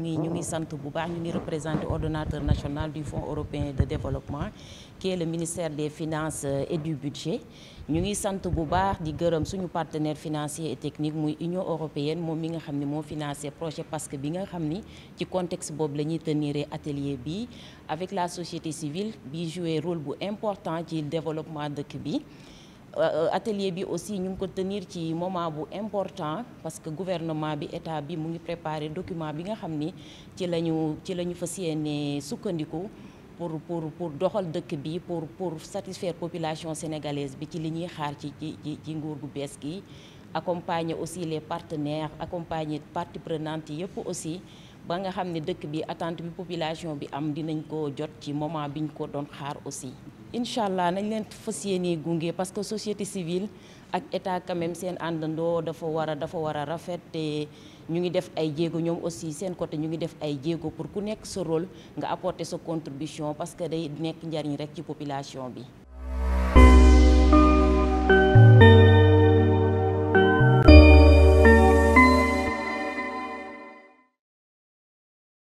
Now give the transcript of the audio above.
Nous sommes sant bu baax ñu national du fonds européen de développement qui est le ministère des finances et du budget Nous sommes sant bu baax di partenaire financier et technique de l'Union européenne qui mi le projet parce que nous nga dans le contexte de l'atelier, avec la société civile qui joue un rôle important dans le développement de bi euh, atelier bi aussi ñu ko tenir ci moment bu important parce que gouvernement bi état bi mu ngi préparer document bi nga xamni ci la ci la ñu fas sukkandiku pour pour pour doxal dëkk bi pour pour satisfaire population sénégalaise bi ci li ñuy xaar ci ci nguur gu bees gi accompagner aussi les partenaires accompagner parties prenantes yëpp aussi ba nga xamni ne dëkk bi attente bi population bi am dinañ ko jot ci moment biñ ko doon xaar aussi incha nañ leen fas yéenee gunge parce que société civile ak état quand même sen andando dafa wara dafa wara a rafet te ñu ngi def ay djégo ñom aussi sen côté ñu ngi def ay djégo pour ku nekk sa rôle nga apporter sa contribution parce que day nekk njariñ rek ci population bi.